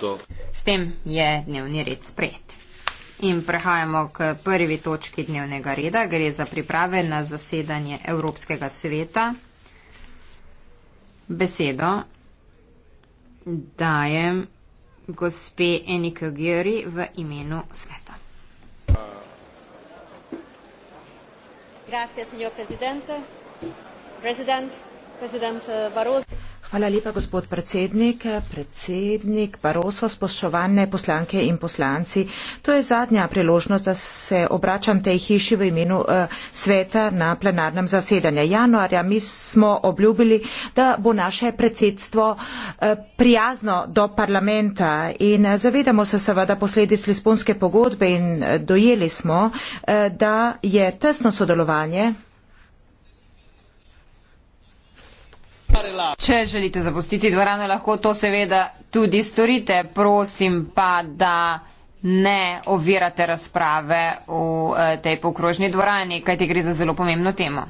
To. S tem je dnevni red sprejet. In prehajamo k prvi točki dnevnega reda. Gre za priprave na zasedanje Evropskega sveta. Besedo dajem gospe Enike Gjeri v imenu sveta. Grazie, signor presidente. President, president eh, Barroso. Hvala lepa, gospod predsednik. Predsednik Baroso, spoštovane poslanke in poslanci, to je zadnja priložnost, da se obračam tej hiši v imenu uh, sveta na plenarnem zasedanju. Januarja mi smo obljubili, da bo naše predsedstvo uh, prijazno do parlamenta in uh, zavedamo se seveda posledic Lisbonske pogodbe in uh, dojeli smo, uh, da je tesno sodelovanje Če želite zapustiti dvorano, lahko to seveda tudi storite. Prosim pa, da ne ovirate razprave v eh, tej pokrožni dvorani, kajti gre za zelo pomembno temo.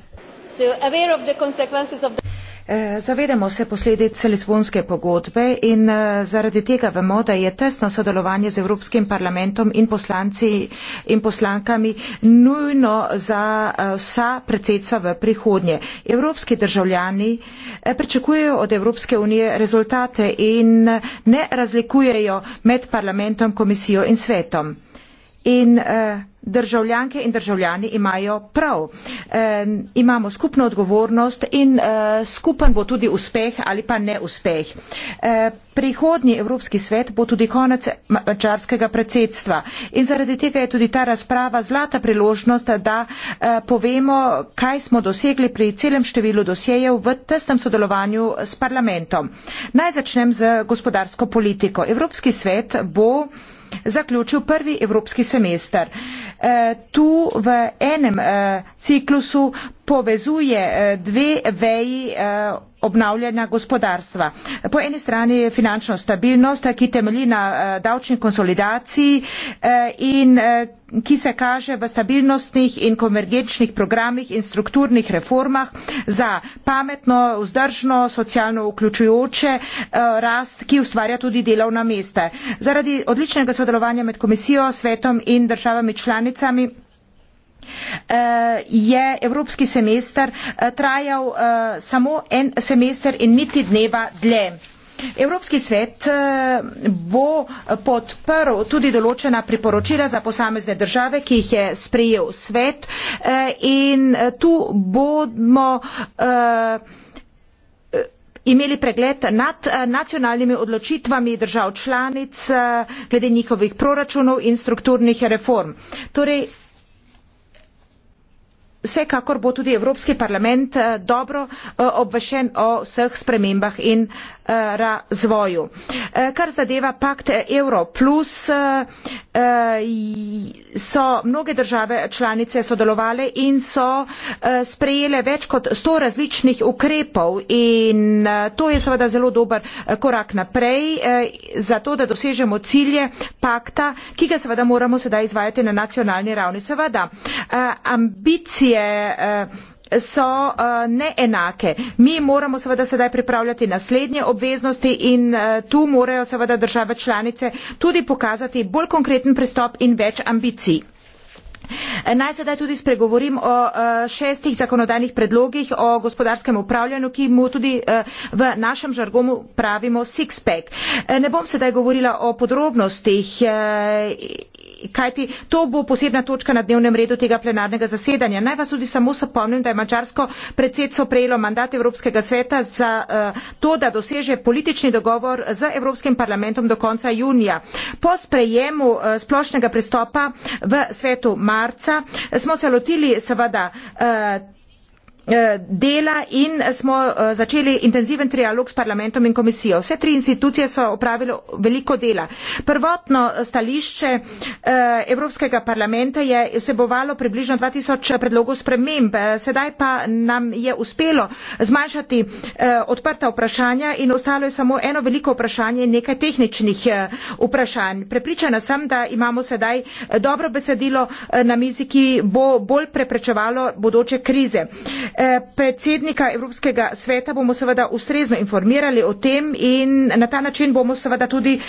So aware of the consequences of the... Eh, zavedamo se posledice Lisbonske pogodbe in eh, zaradi tega vemo, da je tesno sodelovanje z Evropskim parlamentom in poslanci in poslankami nujno za eh, vsa predsedstva v prihodnje. Evropski državljani pričakujejo od Evropske unije rezultate in ne razlikujejo med parlamentom, komisijo in svetom. In eh, državljanke in državljani imajo prav. Eh, imamo skupno odgovornost in eh, skupen bo tudi uspeh ali pa neuspeh. Eh, prihodnji Evropski svet bo tudi konec mačarskega predsedstva. In zaradi tega je tudi ta razprava zlata priložnost, da eh, povemo, kaj smo dosegli pri celem številu dosjejev v tesnem sodelovanju s parlamentom. Naj začnem z gospodarsko politiko. Evropski svet bo zaključil prvi evropski semester. Eh, tu v enem eh, ciklusu povezuje eh, dve veji eh, obnavljanja gospodarstva. Po eni strani je finančna stabilnost, ki temelji na eh, davčni konsolidaciji in ki se kaže v stabilnostnih in konvergenčnih programih in strukturnih reformah za pametno, vzdržno, socialno vključujoče rast, ki ustvarja tudi delovna mesta. Zaradi odličnega sodelovanja med komisijo, svetom in državami članicami Eh, je evropski semester eh, trajal eh, samo en semester in niti dneva dlje. Evropski svet bo podprl tudi določena priporočila za posamezne države, ki jih je sprejel svet in tu bomo imeli pregled nad nacionalnimi odločitvami držav članic glede njihovih proračunov in strukturnih reform. Torej, vsekakor bo tudi Evropski parlament eh, dobro eh, obvešen o vseh spremembah in razvoju. E, kar zadeva pakt Euro plus, e, e, so mnoge države članice sodelovale in so sprejele več kot sto različnih ukrepov in to je seveda zelo dober korak naprej za to, da dosežemo cilje pakta, ki ga seveda moramo sedaj izvajati na nacionalni ravni. Seveda, ambicije so uh, neenake. Mi moramo seveda sedaj pripravljati naslednje obveznosti in uh, tu morajo seveda države članice tudi pokazati bolj konkreten pristop in več ambicij. Eh, naj sedaj tudi spregovorim o šestih zakonodajnih predlogih o gospodarskem upravljanju, ki mu tudi v našem žargomu pravimo six-pack. Ne bom sedaj govorila o podrobnostih kajti to bo posebna točka na dnevnem redu tega plenarnega zasedanja. Naj vas tudi samo spomnim, da je mačarsko predsedstvo prejelo mandat Evropskega sveta za uh, to, da doseže politični dogovor z Evropskim parlamentom do konca junija. Po sprejemu uh, splošnega pristopa v svetu marca smo se lotili seveda uh, Eh, dela in smo eh, začeli intenziven trialog s parlamentom in komisijo. Vse tri institucije so opravile veliko dela. Prvotno stališče eh, Evropskega parlamenta je vsebovalo približno 2000 predlogov sprememb, sedaj pa nam je uspelo zmanjšati odprta vprašanja in ostalo je samo eno veliko vprašanje in nekaj tehničnih vprašanj. Prepričana sem, da imamo sedaj dobro besedilo na mizi, ki bo bolj preprečevalo bodoče krize. Eh, predsednika Evropskega sveta bomo seveda ustrezno informirali o tem in na ta način bomo seveda tudi eh,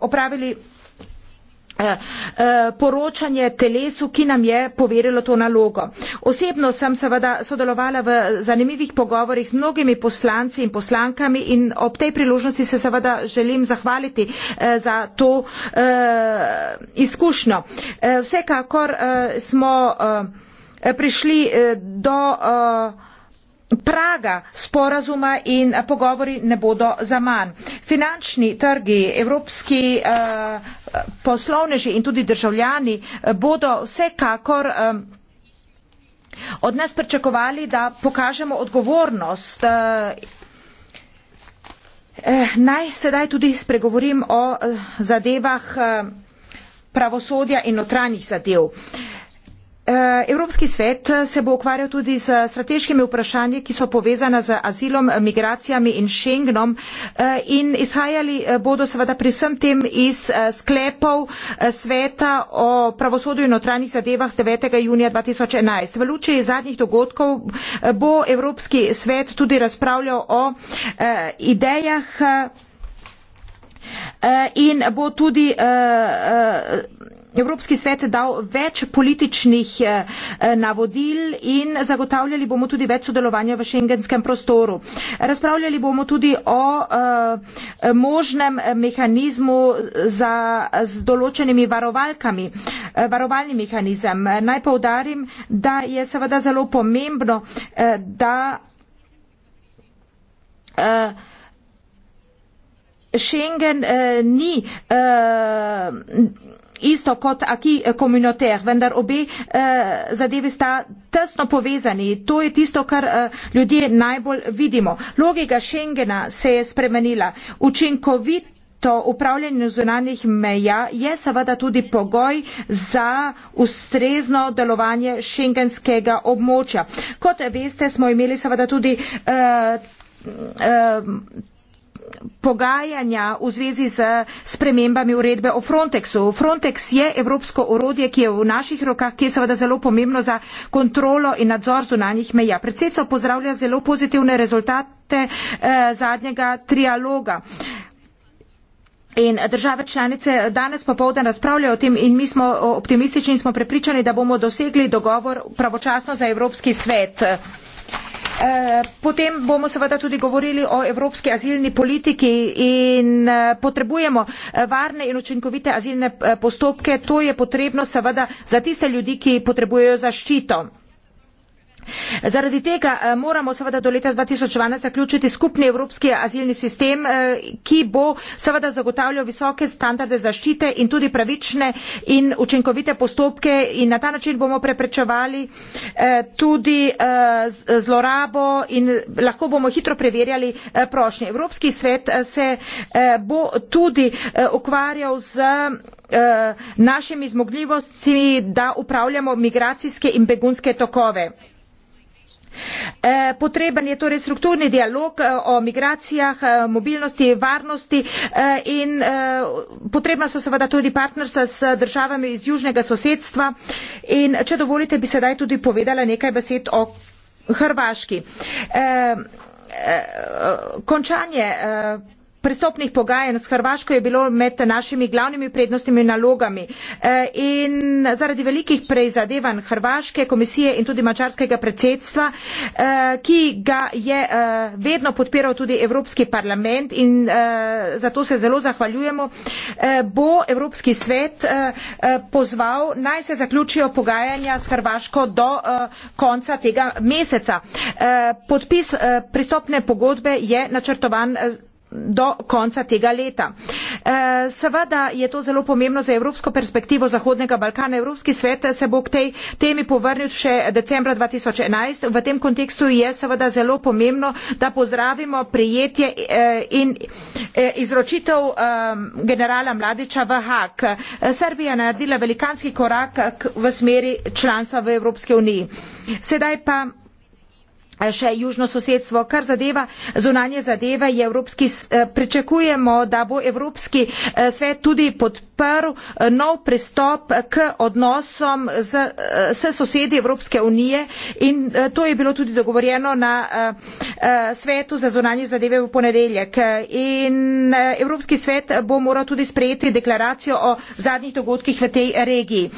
opravili eh, poročanje telesu, ki nam je poverilo to nalogo. Osebno sem seveda sodelovala v zanimivih pogovorih z mnogimi poslanci in poslankami in ob tej priložnosti se seveda želim zahvaliti za to izkušnjo. Vsekakor smo Eh, prišli eh, do eh, praga sporazuma in pogovori ne bodo za manj. Finančni trgi, evropski poslovneži in tudi državljani bodo vsekakor od nas pričakovali, da pokažemo odgovornost. Naj sedaj tudi spregovorim o zadevah pravosodja in notranjih zadev. Eh, Evropski svet eh, se bo ukvarjal tudi z strateškimi vprašanji, ki so povezana z azilom, migracijami in Schengenom eh, in izhajali bodo seveda pri vsem tem iz sklepov sveta o pravosodju in notranjih zadevah z 9. junija 2011. V luči zadnjih dogodkov bo Evropski svet tudi razpravljal o idejah in bo tudi Evropski svet dal več političnih eh, eh, navodil in zagotavljali bomo tudi več sodelovanja v šengenskem prostoru. Razpravljali bomo tudi o eh, možnem mehanizmu za, z določenimi varovalkami, varovalni mehanizem. Naj povdarim, da je seveda zelo pomembno, da Schengen eh, ni eh, isto kot aki eh, komunitar, vendar obe eh, zadevi sta tesno povezani. To je tisto, kar eh, ljudje najbolj vidimo. Logika Schengena se je spremenila. Učinkovit To upravljanje zunanjih meja je seveda tudi pogoj za ustrezno delovanje šengenskega območja. Kot veste, smo imeli seveda tudi uh, uh, pogajanja v zvezi z spremembami uredbe o Frontexu. Frontex je evropsko orodje, ki je v naših rokah, ki je seveda zelo pomembno za kontrolo in nadzor zunanjih meja. Predsedstvo pozdravlja zelo pozitivne rezultate eh, zadnjega trialoga. In države članice danes popovdne razpravljajo o tem in mi smo optimistični in smo prepričani, da bomo dosegli dogovor pravočasno za Evropski svet. Eh, Eh, potem bomo seveda tudi govorili o evropski azilni politiki in eh, potrebujemo eh, varne in učinkovite azilne postopke. To je potrebno seveda za tiste ljudi, ki potrebujejo zaščito. Zaradi tega eh, moramo seveda do leta 2012 zaključiti skupni evropski azilni sistem, eh, ki bo seveda zagotavljal visoke standarde zaščite in tudi pravične in učinkovite postopke in na ta način bomo preprečevali eh, tudi zlorabo in lahko bomo hitro preverjali prošnje. Evropski svet se bo tudi ukvarjal z našimi zmogljivostmi, da upravljamo migracijske in begunske tokove. Eh, potreben je torej strukturni dialog eh, o migracijah, eh, mobilnosti, varnosti in potrebna so seveda tudi partnerstva s državami iz južnega sosedstva. In če dovolite, bi sedaj tudi povedala nekaj besed o Hrvaški. Končanje pristopnih pogajanj s Hrvaško je bilo med našimi glavnimi prednostnimi nalogami. E, in zaradi velikih preizadevanj Hrvaške komisije in tudi mačarskega predsedstva, e, ki ga je e, vedno podpiral tudi Evropski parlament in zato se zelo zahvaljujemo, bo Evropski svet pozval naj se zaključijo pogajanja s Hrvaško do konca tega meseca. Podpis pristopne pogodbe je načrtovan do konca tega leta. Eh, seveda je to zelo pomembno za evropsko perspektivo Zahodnega Balkana. Evropski svet se bo k tej temi povrnil še decembra 2011. V tem kontekstu je seveda zelo pomembno, da pozdravimo prijetje eh, in eh, izročitev generala Mladiča v Hak. Srbija je naredila velikanski korak v smeri članstva v Evropske uniji. Sedaj pa Še južno sosedstvo, kar zadeva zunanje zadeve, je evropski, eh, pričakujemo, da bo Evropski eh, svet tudi podprl eh, nov pristop k odnosom z, s sosedi Evropske unije in to je bilo tudi dogovorjeno na svetu za zunanje zadeve v ponedeljek. In Evropski svet bo moral tudi sprejeti deklaracijo o zadnjih dogodkih v tej regiji.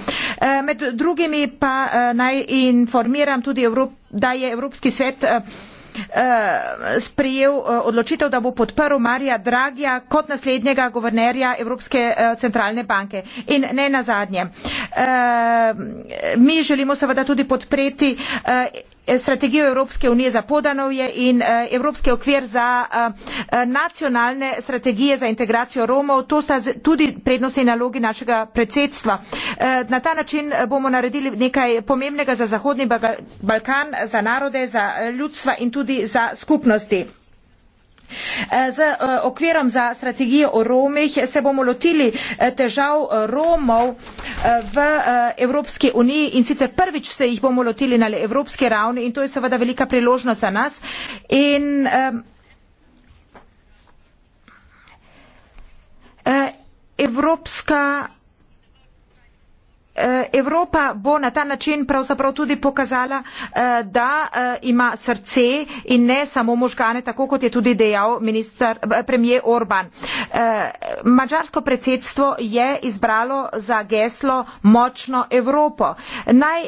Med drugimi pa naj informiram tudi Evropski da je Evropski svet eh, eh, sprejel eh, odločitev, da bo podprl Marija Dragija kot naslednjega guvernerja Evropske centralne banke. In ne nazadnje, mi želimo seveda tudi podpreti Eh, strategijo Evropske unije za Podanovje in eh, Evropski okvir za eh, nacionalne strategije za integracijo Romov. To sta tudi prednostne naloge našega predsedstva. Na ta način bomo naredili nekaj pomembnega za Zahodni Balkan, za narode, za ljudstva in tudi za skupnosti. Eh, z eh, okvirom za strategijo o Romih se bomo lotili eh, težav Romov v Evropski uniji in sicer prvič se jih bomo lotili na evropski ravni in to je seveda velika priložnost za nas. In, Evropska Eh, Evropa bo na ta način pravzaprav tudi pokazala, eh, da eh, ima srce in ne samo možgane, tako kot je tudi dejal minister, premije Orban. Mačarsko predsedstvo je izbralo za geslo močno Evropo. Naj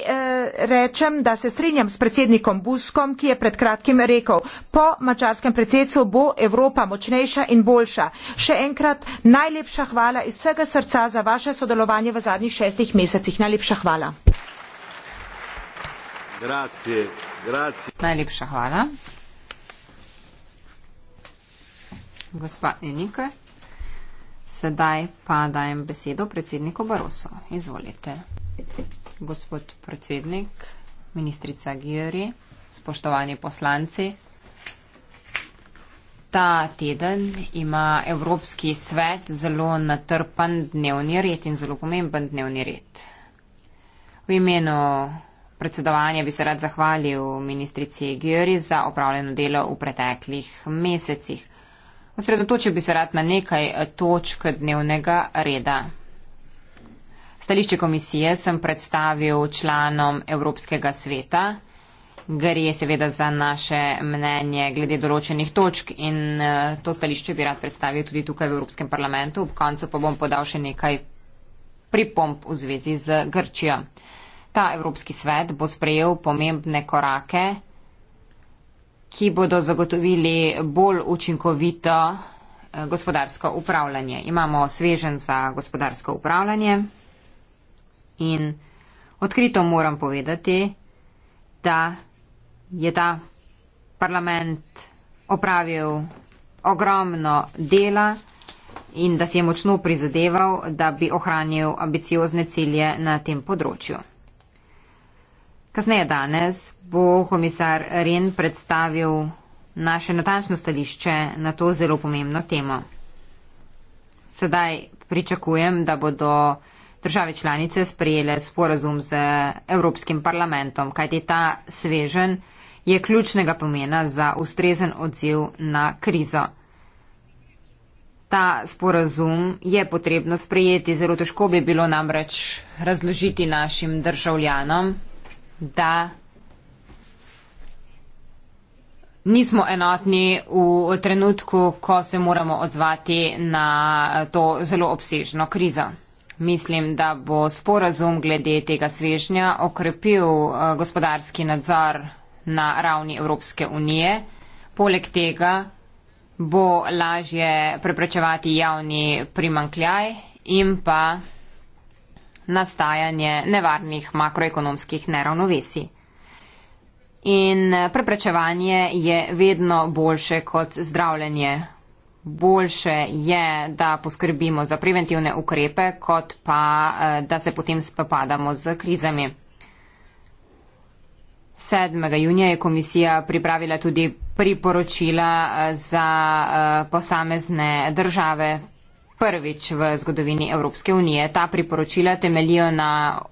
rečem, da se strinjam s predsednikom Buskom, ki je pred kratkim rekel, po mačarskem predsedstvu bo Evropa močnejša in boljša. Še enkrat najlepša hvala iz vsega srca za vaše sodelovanje v zadnjih šestih mesecih mesecih. Najlepša hvala. Grazie, grazie. Najlepša hvala. Gospa Enike, sedaj pa dajem besedo predsedniku Baroso. Izvolite. Gospod predsednik, ministrica Gjeri, spoštovani poslanci, Ta teden ima Evropski svet zelo natrpan dnevni red in zelo pomemben dnevni red. V imenu predsedovanja bi se rad zahvalil ministrici Gjuri za opravljeno delo v preteklih mesecih. Osredotočil bi se rad na nekaj točk dnevnega reda. Stališče komisije sem predstavil članom Evropskega sveta gre seveda za naše mnenje glede določenih točk in eh, to stališče bi rad predstavil tudi tukaj v Evropskem parlamentu. Ob koncu pa bom podal še nekaj pripomp v zvezi z Grčijo. Ta Evropski svet bo sprejel pomembne korake, ki bodo zagotovili bolj učinkovito eh, gospodarsko upravljanje. Imamo svežen za gospodarsko upravljanje in odkrito moram povedati, da je ta parlament opravil ogromno dela in da si je močno prizadeval, da bi ohranil ambiciozne cilje na tem področju. Kasneje danes bo komisar Ren predstavil naše natančno stališče na to zelo pomembno temo. Sedaj pričakujem, da bodo države članice sprejele sporazum z Evropskim parlamentom, kajti ta svežen je ključnega pomena za ustrezen odziv na krizo. Ta sporazum je potrebno sprejeti, zelo težko bi bilo namreč razložiti našim državljanom, da nismo enotni v trenutku, ko se moramo odzvati na to zelo obsežno krizo. Mislim, da bo sporazum glede tega svežnja okrepil eh, gospodarski nadzor na ravni Evropske unije. Poleg tega bo lažje preprečevati javni primankljaj in pa nastajanje nevarnih makroekonomskih neravnovesij. In eh, preprečevanje je vedno boljše kot zdravljenje, boljše je, da poskrbimo za preventivne ukrepe, kot pa, eh, da se potem spopadamo z krizami. 7. junija je komisija pripravila tudi priporočila eh, za eh, posamezne države. Prvič v zgodovini Evropske unije. Ta priporočila temelijo na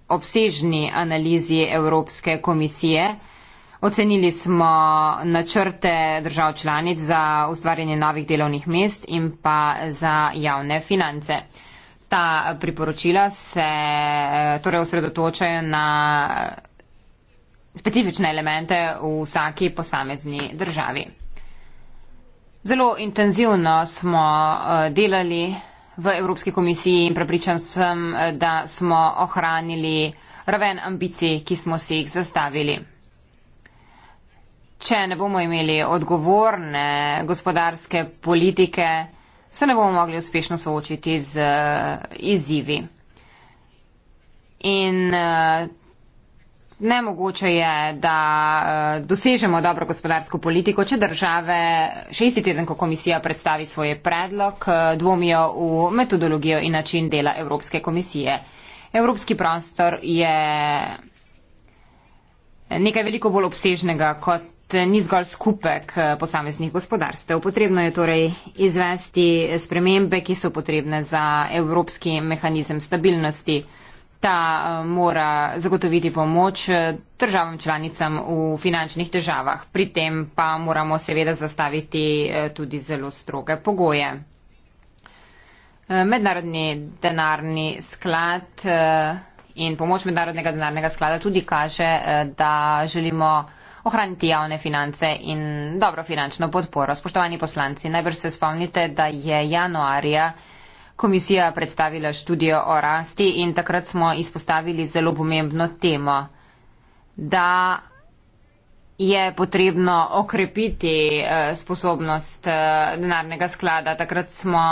obsežni analizi Evropske komisije. Ocenili smo načrte držav članic za ustvarjanje novih delovnih mest in pa za javne finance. Ta priporočila se eh, torej osredotočajo na eh, specifične elemente v vsaki posamezni državi. Zelo intenzivno smo eh, delali v Evropski komisiji in prepričan sem, da smo ohranili raven ambicij, ki smo si jih zastavili če ne bomo imeli odgovorne gospodarske politike, se ne bomo mogli uspešno soočiti z eh, izzivi. In eh, nemogoče je, da eh, dosežemo dobro gospodarsko politiko, če države še isti teden, ko komisija predstavi svoj predlog, dvomijo v metodologijo in način dela Evropske komisije. Evropski prostor je nekaj veliko bolj obsežnega kot ni zgolj skupek eh, posameznih gospodarstev. Potrebno je torej izvesti spremembe, ki so potrebne za evropski mehanizem stabilnosti. Ta eh, mora zagotoviti pomoč eh, državam članicam v finančnih težavah. Pri tem pa moramo seveda zastaviti tudi zelo stroge pogoje. Mednarodni denarni sklad in pomoč Mednarodnega denarnega sklada tudi kaže, da želimo ohraniti javne finance in dobro finančno podporo. Spoštovani poslanci, najbrž se spomnite, da je januarja komisija predstavila študijo o rasti in takrat smo izpostavili zelo pomembno temo, da je potrebno okrepiti eh, sposobnost eh, denarnega sklada. Takrat smo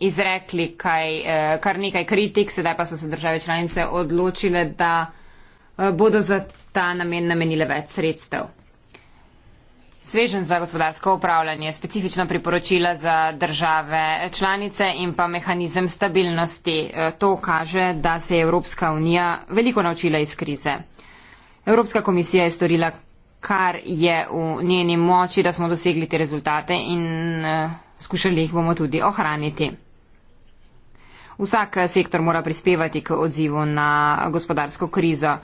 izrekli kaj, eh, kar nekaj kritik, sedaj pa so se države članice odločile, da Eh, bodo za ta namen namenile več sredstev. Svežen za gospodarsko upravljanje, specifično priporočila za države članice in pa mehanizem stabilnosti. Eh, to kaže, da se je Evropska unija veliko naučila iz krize. Evropska komisija je storila, kar je v njeni moči, da smo dosegli te rezultate in eh, skušali jih bomo tudi ohraniti. Vsak sektor mora prispevati k odzivu na gospodarsko krizo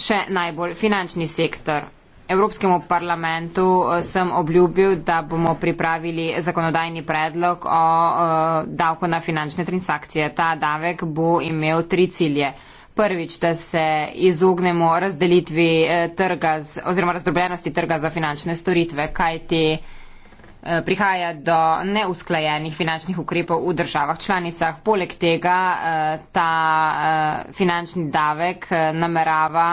še najbolj finančni sektor. Evropskemu parlamentu eh, sem obljubil, da bomo pripravili zakonodajni predlog o eh, davku na finančne transakcije. Ta davek bo imel tri cilje. Prvič, da se izognemo razdelitvi eh, trga oziroma razdrobljenosti trga za finančne storitve, kajti Eh, prihaja do neusklajenih finančnih ukrepov v državah članicah. Poleg tega eh, ta eh, finančni davek namerava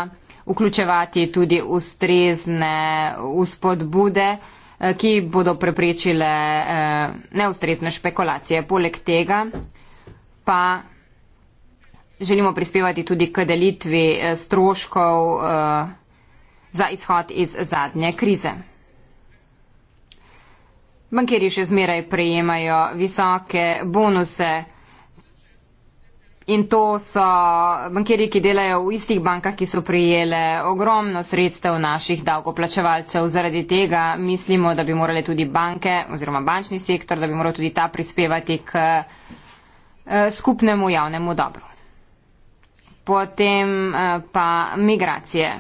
vključevati tudi ustrezne uspodbude, ki bodo preprečile neustrezne špekulacije. Poleg tega pa želimo prispevati tudi k delitvi stroškov za izhod iz zadnje krize. Bankiri še zmeraj prejemajo visoke bonuse. In to so bankiri, ki delajo v istih bankah, ki so prijele ogromno sredstev naših davkoplačevalcev. Zaradi tega mislimo, da bi morali tudi banke oziroma bančni sektor, da bi moral tudi ta prispevati k eh, skupnemu javnemu dobru. Potem eh, pa migracije.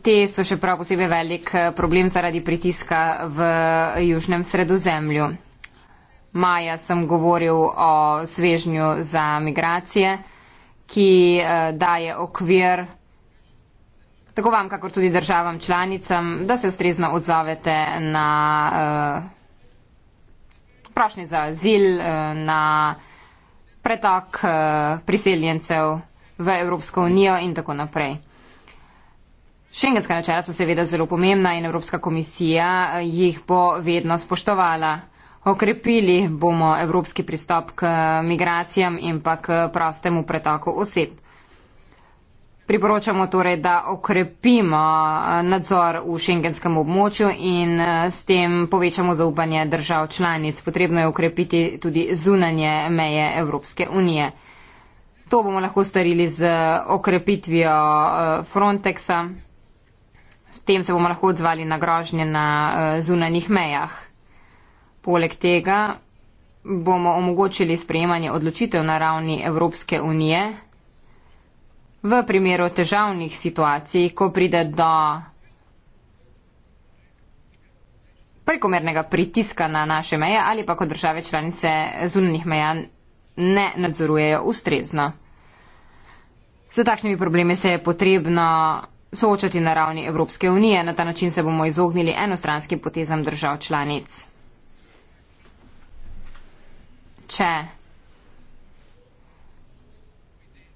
Te so še prav posebej velik eh, problem zaradi pritiska v eh, južnem sredozemlju. Maja sem govoril o svežnju za migracije, ki eh, daje okvir tako vam, kakor tudi državam članicam, da se ustrezno odzovete na uh, prošnje za azil, uh, na pretok uh, priseljencev v Evropsko unijo in tako naprej. Šengenska načela so seveda zelo pomembna in Evropska komisija eh, jih bo vedno spoštovala. Okrepili bomo evropski pristop k migracijam in pa k prostemu pretoku oseb. Priporočamo torej, da okrepimo eh, nadzor v šengenskem območju in eh, s tem povečamo zaupanje držav članic. Potrebno je okrepiti tudi zunanje meje Evropske unije. To bomo lahko starili z okrepitvijo Frontexa. S tem se bomo lahko odzvali na grožnje na eh, zunanjih mejah. Poleg tega bomo omogočili sprejemanje odločitev na ravni Evropske unije v primeru težavnih situacij, ko pride do prekomernega pritiska na naše meje ali pa ko države članice zunanjih meja ne nadzorujejo ustrezno. Za takšnimi problemi se je potrebno soočati na ravni Evropske unije. Na ta način se bomo izognili enostranskim potezam držav članic. Če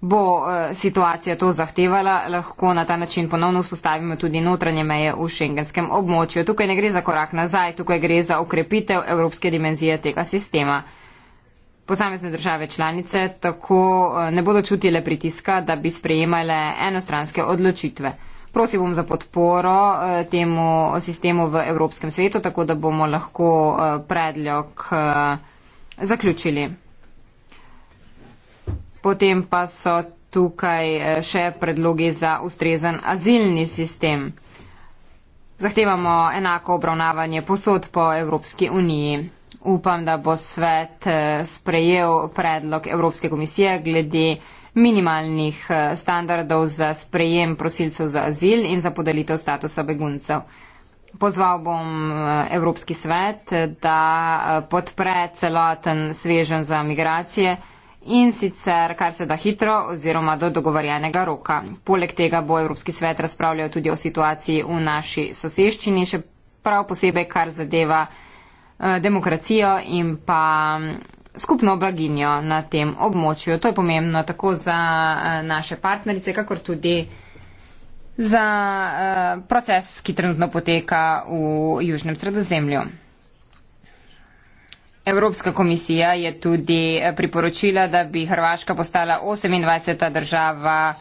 bo eh, situacija to zahtevala, lahko na ta način ponovno vzpostavimo tudi notranje meje v šengenskem območju. Tukaj ne gre za korak nazaj, tukaj gre za okrepitev evropske dimenzije tega sistema posamezne države članice tako eh, ne bodo čutile pritiska, da bi sprejemale enostranske odločitve. Prosim bom za podporo eh, temu sistemu v Evropskem svetu, tako da bomo lahko eh, predlog zaključili. Potem pa so tukaj še predlogi za ustrezen azilni sistem. Zahtevamo enako obravnavanje posod po Evropski uniji upam, da bo svet eh, sprejel predlog Evropske komisije glede minimalnih eh, standardov za sprejem prosilcev za azil in za podelitev statusa beguncev. Pozval bom eh, Evropski svet, da podpre celoten svežen za migracije in sicer kar se da hitro oziroma do dogovorjenega roka. Poleg tega bo Evropski svet razpravljal tudi o situaciji v naši soseščini, še prav posebej kar zadeva Eh, demokracijo in pa mm, skupno blaginjo na tem območju. To je pomembno tako za eh, naše partnerice, kakor tudi za eh, proces, ki trenutno poteka v Južnem sredozemlju. Evropska komisija je tudi priporočila, da bi Hrvaška postala 28. država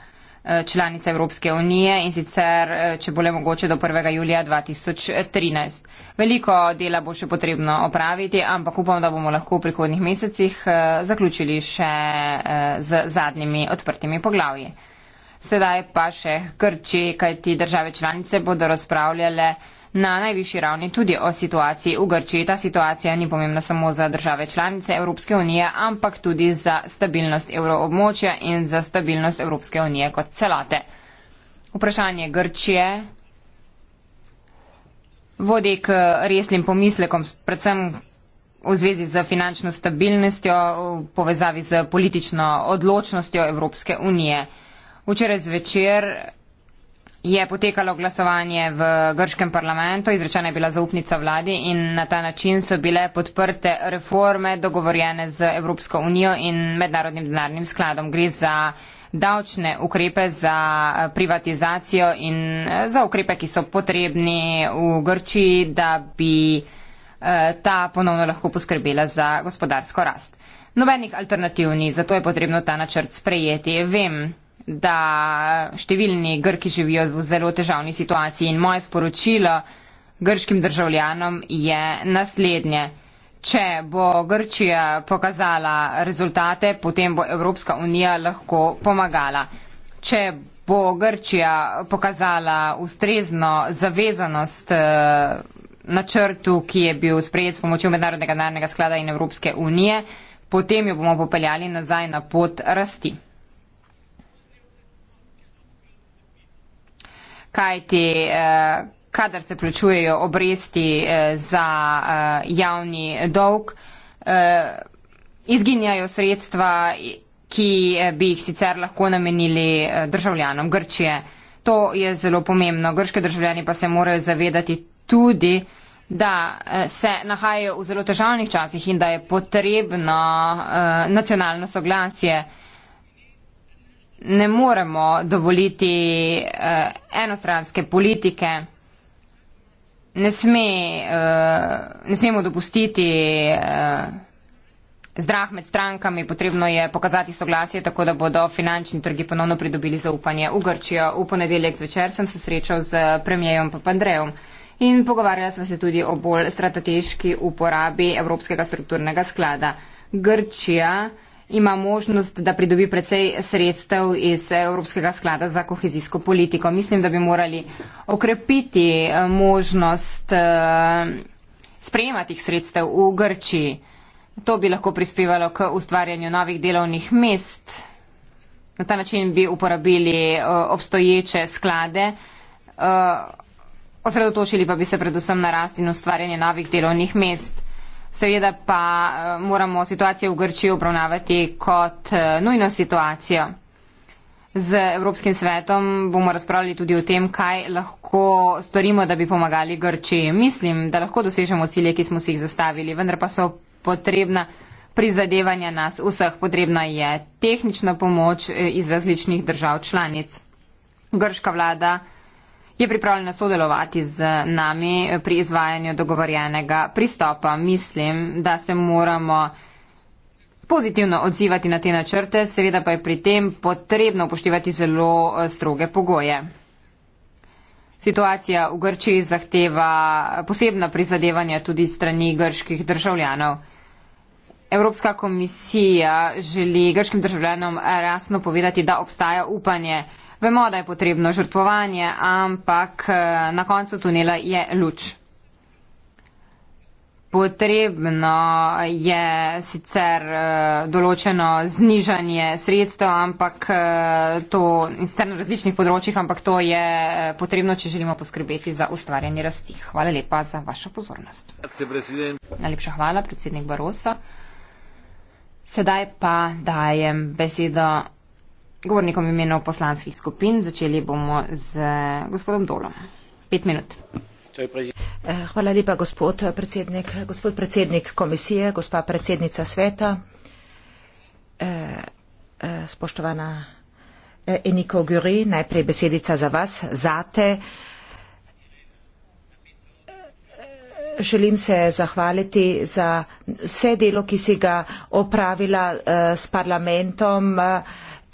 Eh, članic Evropske unije in sicer, eh, če bo le mogoče, do 1. julija 2013. Veliko dela bo še potrebno opraviti, ampak upam, da bomo lahko v prihodnih mesecih eh, zaključili še z zadnjimi odprtimi poglavji. Sedaj pa še Grči, kajti države članice bodo razpravljale na najvišji ravni tudi o situaciji v Grčiji. Ta situacija ni pomembna samo za države članice Evropske unije, ampak tudi za stabilnost evroobmočja in za stabilnost Evropske unije kot celate. Vprašanje Grčije vodi k resnim pomislekom, predvsem v zvezi z finančno stabilnostjo, v povezavi z politično odločnostjo Evropske unije. Včeraj zvečer je potekalo glasovanje v grškem parlamentu, izrečena je bila zaupnica vladi in na ta način so bile podprte reforme dogovorjene z Evropsko unijo in mednarodnim denarnim skladom. Gre za davčne ukrepe za eh, privatizacijo in eh, za ukrepe, ki so potrebni v Grčiji, da bi eh, ta ponovno lahko poskrbela za gospodarsko rast. Nobenih alternativ ni, zato je potrebno ta načrt sprejeti. Vem, da številni Grki živijo v zelo težavni situaciji in moje sporočilo grškim državljanom je naslednje. Če bo Grčija pokazala rezultate, potem bo Evropska unija lahko pomagala. Če bo Grčija pokazala ustrezno zavezanost eh, na črtu, ki je bil sprejet s pomočjo Mednarodnega narodnega sklada in Evropske unije, potem jo bomo popeljali nazaj na pot rasti. kajti eh, kadar se plačujejo obresti eh, za eh, javni dolg, izginjajo sredstva, ki bi jih sicer lahko namenili državljanom Grčije. To je zelo pomembno. Grški državljani pa se morajo zavedati tudi, da se nahajajo v zelo težavnih časih in da je potrebno nacionalno soglasje ne moremo dovoliti uh, enostranske politike. Ne, sme, uh, ne smemo dopustiti uh, zdrah med strankami, potrebno je pokazati soglasje, tako da bodo finančni trgi ponovno pridobili zaupanje v Grčijo. V ponedeljek zvečer sem se srečal z premijejem Papandrejem in pogovarjala sva se tudi o bolj strateški uporabi Evropskega strukturnega sklada. Grčija ima možnost, da pridobi precej sredstev iz Evropskega sklada za kohezijsko politiko. Mislim, da bi morali okrepiti eh, možnost eh, sprejemati sredstev v Grčiji. To bi lahko prispevalo k ustvarjanju novih delovnih mest. Na ta način bi uporabili eh, obstoječe sklade, osredotočili pa bi se predvsem na rast in ustvarjanje novih delovnih mest. Seveda pa eh, moramo situacijo v Grčiji obravnavati kot eh, nujno situacijo. Z Evropskim svetom bomo razpravljali tudi o tem, kaj lahko storimo, da bi pomagali Grčiji. Mislim, da lahko dosežemo cilje, ki smo si jih zastavili, vendar pa so potrebna prizadevanja nas vseh. Potrebna je tehnična pomoč eh, iz različnih držav članic. Grška vlada je pripravljena sodelovati z nami pri izvajanju dogovorjenega pristopa. Mislim, da se moramo pozitivno odzivati na te načrte, seveda pa je pri tem potrebno upoštevati zelo eh, stroge pogoje. Situacija v Grčiji zahteva posebna prizadevanja tudi strani grških državljanov. Evropska komisija želi grškim državljanom jasno povedati, da obstaja upanje. Vemo, da je potrebno žrtvovanje, ampak eh, na koncu tunela je luč. Potrebno je sicer eh, določeno znižanje sredstev, ampak eh, to sicer na različnih področjih, ampak to je potrebno, če želimo poskrbeti za ustvarjanje rasti. Hvala lepa za vašo pozornost. Najlepša hvala, predsednik Barosa. Sedaj pa dajem besedo Govornikom imenov poslanskih skupin začeli bomo z gospodom Dolom. Pet minut. Eh, hvala lepa, gospod predsednik. Gospod predsednik komisije, gospa predsednica sveta, eh, eh, spoštovana Eniko Guri, najprej besedica za vas, zate. Želim se zahvaliti za vse delo, ki si ga opravila s parlamentom.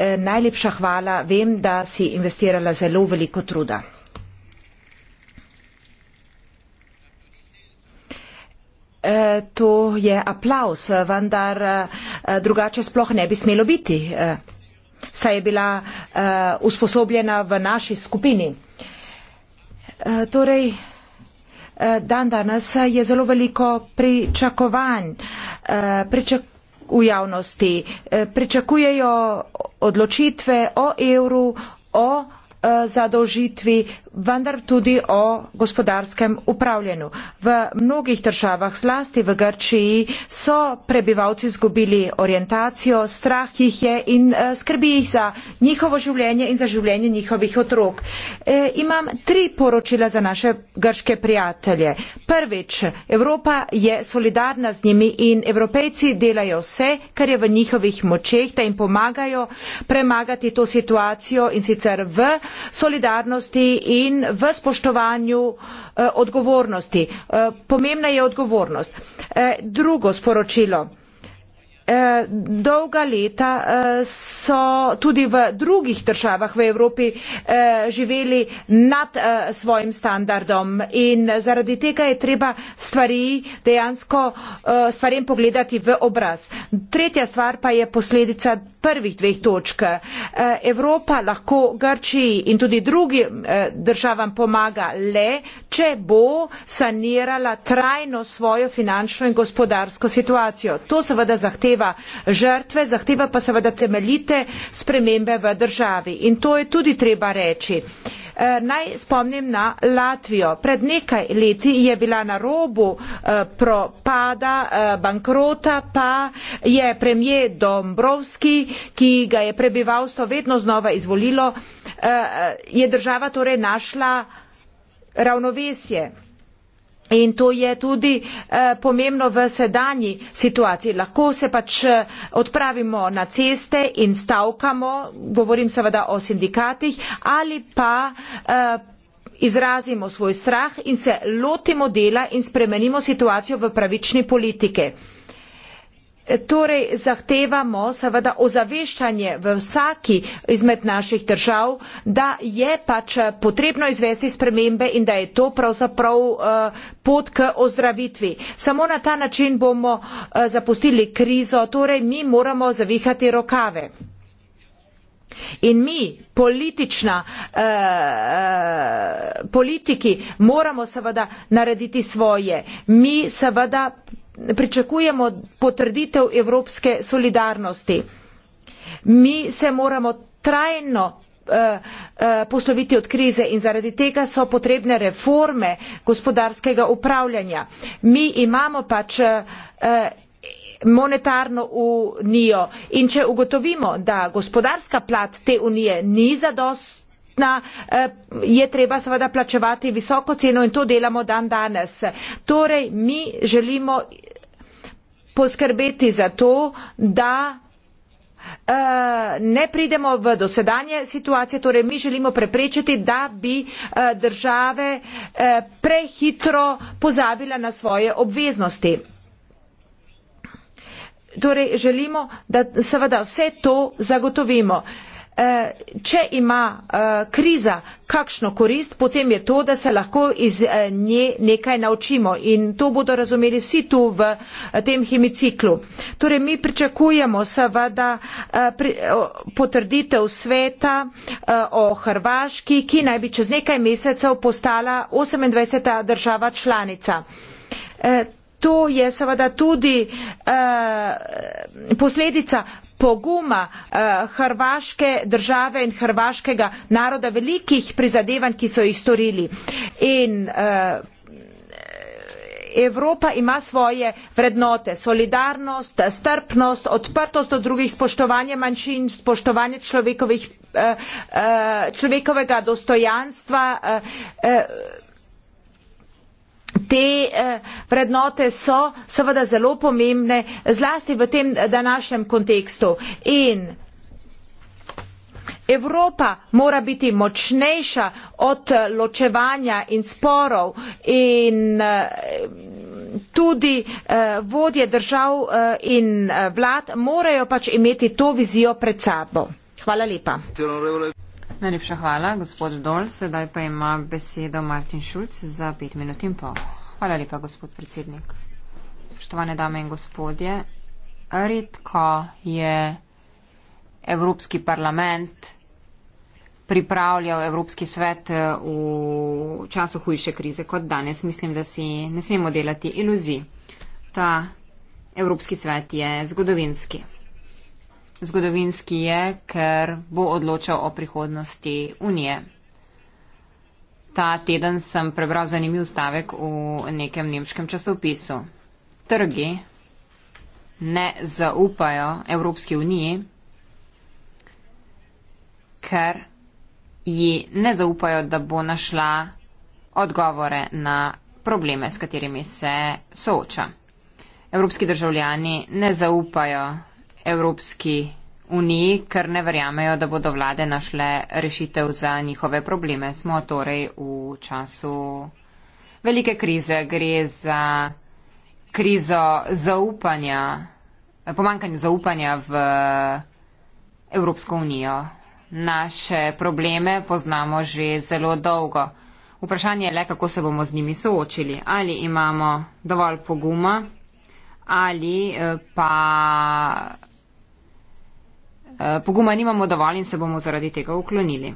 Eh, najlepša hvala. Vem, da si investirala zelo veliko truda. Eh, to je aplaus, vendar eh, drugače sploh ne bi smelo biti. Saj je bila usposobljena v naši skupini. Torej, dan danes je zelo veliko pričakovanj pričak v javnosti. Pričakujejo odločitve o evru, o eh, zadolžitvi vendar tudi o gospodarskem upravljanju. V mnogih državah, zlasti v Grčiji, so prebivalci izgubili orientacijo, strah jih je in eh, skrbi jih za njihovo življenje in za življenje njihovih otrok. E, imam tri poročila za naše grške prijatelje. Prvič, Evropa je solidarna z njimi in evropejci delajo vse, kar je v njihovih močeh, da jim pomagajo premagati to situacijo in sicer v solidarnosti in in v spoštovanju eh, odgovornosti. Eh, pomembna je odgovornost. Eh, drugo sporočilo. Dolga leta so tudi v drugih državah v Evropi živeli nad svojim standardom in zaradi tega je treba stvari dejansko stvarem pogledati v obraz. Tretja stvar pa je posledica prvih dveh točk. Eh, Evropa lahko Grčiji in tudi drugim eh, državam pomaga le, če bo sanirala trajno svojo finančno in gospodarsko situacijo. To seveda zahteva žrtve, zahteva pa seveda temeljite spremembe v državi. In to je tudi treba reči. Eh, naj spomnim na Latvijo. Pred nekaj leti je bila na robu eh, propada, eh, bankrota, pa je premije Dombrovski, ki ga je prebivalstvo vedno znova izvolilo, je država torej našla ravnovesje. In to je tudi eh, pomembno v sedanji situaciji. Lahko se pač eh, odpravimo na ceste in stavkamo, govorim seveda o sindikatih, ali pa. Eh, izrazimo svoj strah in se lotimo dela in spremenimo situacijo v pravični politike. Torej zahtevamo seveda ozaveščanje v vsaki izmed naših držav, da je pač eh, potrebno izvesti spremembe in da je to pravzaprav eh, pot k ozdravitvi. Samo na ta način bomo eh, zapustili krizo, torej mi moramo zavihati rokave. In mi, politična, eh, politiki, moramo seveda narediti svoje. Mi seveda pričakujemo potrditev evropske solidarnosti. Mi se moramo trajno eh, eh, posloviti od krize in zaradi tega so potrebne reforme gospodarskega upravljanja. Mi imamo pač eh, monetarno unijo in če ugotovimo, da gospodarska plat te unije ni zadostna, je treba seveda plačevati visoko ceno in to delamo dan danes. Torej, mi želimo poskrbeti za to, da uh, ne pridemo v dosedanje situacije, torej mi želimo preprečiti, da bi uh, države uh, prehitro pozabila na svoje obveznosti. Torej želimo, da seveda vse to zagotovimo. Uh, Eh, če ima eh, kriza kakšno korist, potem je to, da se lahko iz eh, nje nekaj naučimo in to bodo razumeli vsi tu v tem hemiciklu. Torej, mi pričakujemo seveda potrditev sveta o Hrvaški, ki naj bi čez nekaj mesecev postala 28. država članica. To je seveda tudi eh, posledica poguma eh, hrvaške države in hrvaškega naroda, velikih prizadevanj, ki so jih storili. In, eh, Evropa ima svoje vrednote, solidarnost, strpnost, odprtost do drugih, spoštovanje manjšin, spoštovanje človekovih, eh, človekovega dostojanstva te eh, vrednote so seveda zelo pomembne, zlasti v tem današnjem kontekstu. In Evropa mora biti močnejša od eh, ločevanja in sporov in eh, tudi vodje držav in vlad morajo pač imeti to vizijo pred sabo. Hvala lepa. Najlepša hvala, gospod Dol. Sedaj pa ima besedo Martin Šulc za pet minut in pol. Hvala lepa, gospod predsednik. Spoštovane dame in gospodje, redko je Evropski parlament pripravljal Evropski svet eh, v času hujše krize kot danes. Mislim, da si ne smemo delati iluzij. Ta Evropski svet je zgodovinski. Zgodovinski je, ker bo odločal o prihodnosti Unije ta teden sem prebral zanimiv stavek v nekem nemškem časopisu. Trgi ne zaupajo Evropski uniji, ker ji ne zaupajo, da bo našla odgovore na probleme, s katerimi se sooča. Evropski državljani ne zaupajo Evropski uniji uniji, ker ne verjamejo, da bodo vlade našle rešitev za njihove probleme. Smo torej v času velike krize. Gre za krizo zaupanja, pomankanje zaupanja v Evropsko unijo. Naše probleme poznamo že zelo dolgo. Vprašanje je le, kako se bomo z njimi soočili. Ali imamo dovolj poguma, ali eh, pa Eh, poguma nimamo dovolj in se bomo zaradi tega uklonili.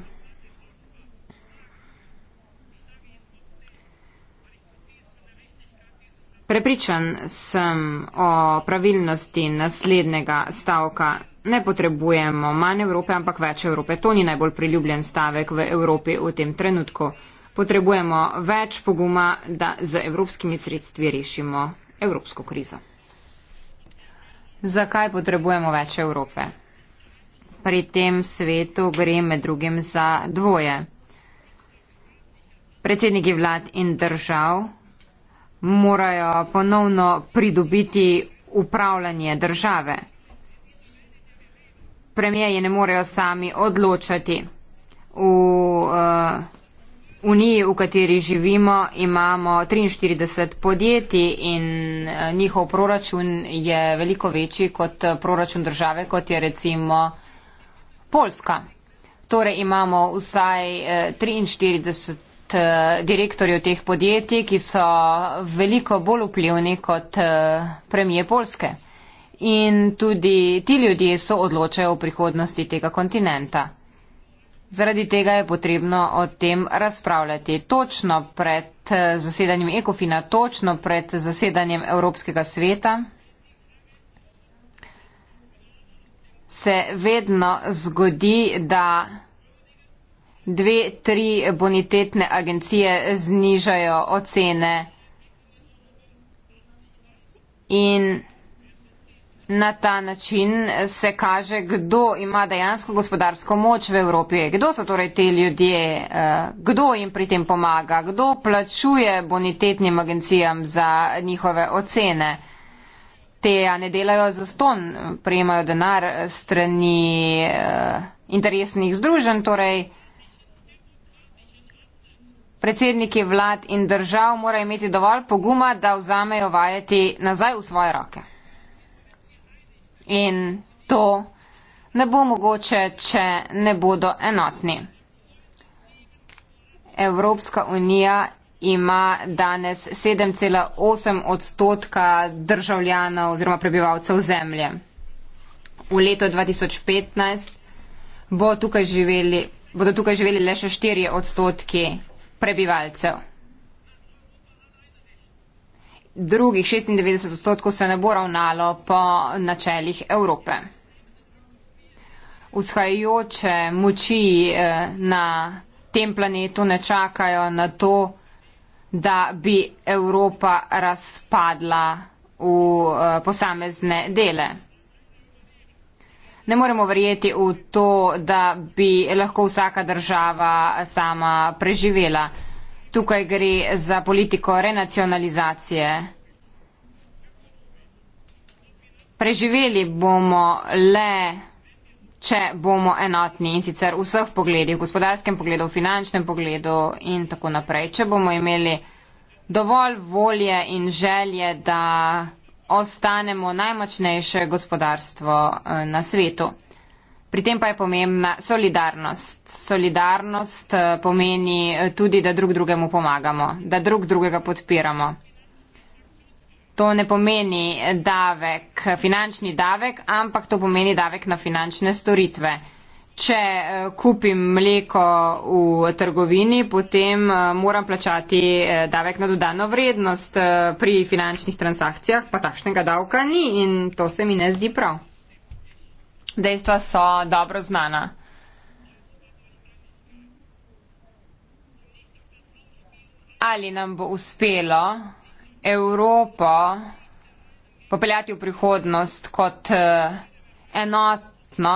Prepričan sem o pravilnosti naslednjega stavka. Ne potrebujemo manj Evrope, ampak več Evrope. To ni najbolj priljubljen stavek v Evropi v tem trenutku. Potrebujemo več poguma, da z evropskimi sredstvi rešimo evropsko krizo. Zakaj potrebujemo več Evrope? pri tem svetu gre med drugim za dvoje. Predsedniki vlad in držav morajo ponovno pridobiti upravljanje države. Premijeji ne morejo sami odločati. V uh, uniji, v kateri živimo, imamo 43 podjetij in eh, njihov proračun je veliko večji kot eh, proračun države, kot je recimo Poljska. Torej imamo vsaj 43 eh, eh, direktorjev teh podjetij, ki so veliko bolj vplivni kot eh, premije Poljske. In tudi ti ljudje so odločajo o prihodnosti tega kontinenta. Zaradi tega je potrebno o tem razpravljati točno pred zasedanjem Ekofina, točno pred zasedanjem Evropskega sveta. se vedno zgodi, da dve, tri bonitetne agencije znižajo ocene in na ta način se kaže, kdo ima dejansko gospodarsko moč v Evropi, kdo so torej te ljudje, eh, kdo jim pri tem pomaga, kdo plačuje bonitetnim agencijam za njihove ocene te ja, ne delajo za ston, prejemajo denar strani eh, interesnih združenj, torej predsedniki vlad in držav morajo imeti dovolj poguma, da vzamejo vajeti nazaj v svoje roke. In to ne bo mogoče, če ne bodo enotni. Evropska unija ima danes 7,8 odstotka državljanov oziroma prebivalcev zemlje. V letu 2015 bo tukaj živeli, bodo tukaj živeli le še 4 odstotki prebivalcev. Drugih 96 odstotkov se ne bo ravnalo po načeljih Evrope. Vzhajajoče moči eh, na tem planetu ne čakajo na to, da bi Evropa razpadla v uh, posamezne dele. Ne moremo verjeti v to, da bi lahko vsaka država sama preživela. Tukaj gre za politiko renacionalizacije. Preživeli bomo le če bomo enotni in sicer v vseh pogledih, v gospodarskem pogledu, v finančnem pogledu in tako naprej, če bomo imeli dovolj volje in želje, da ostanemo najmočnejše gospodarstvo eh, na svetu. Pri tem pa je pomembna solidarnost. Solidarnost eh, pomeni tudi, da drug drugemu pomagamo, da drug drugega podpiramo. To ne pomeni davek, finančni davek, ampak to pomeni davek na finančne storitve. Če eh, kupim mleko v trgovini, potem eh, moram plačati eh, davek na dodano vrednost pri finančnih transakcijah, pa takšnega davka ni in to se mi ne zdi prav. Dejstva so dobro znana. Ali nam bo uspelo Evropo popeljati v prihodnost kot eh, enotno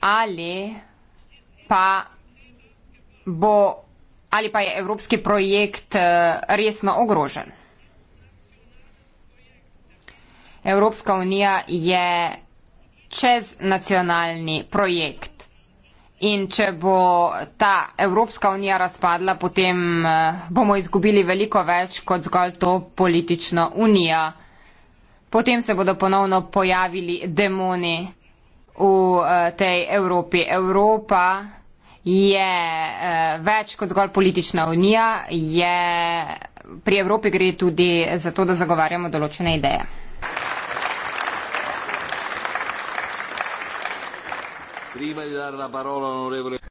ali pa bo ali pa je evropski projekt eh, resno ogrožen. Evropska unija je čez nacionalni projekt. In če bo ta Evropska unija razpadla, potem eh, bomo izgubili veliko več kot zgolj to politično unijo. Potem se bodo ponovno pojavili demoni v eh, tej Evropi. Evropa je eh, več kot zgolj politična unija, je, pri Evropi gre tudi za to, da zagovarjamo določene ideje. prima di dare la parola all'onorevole.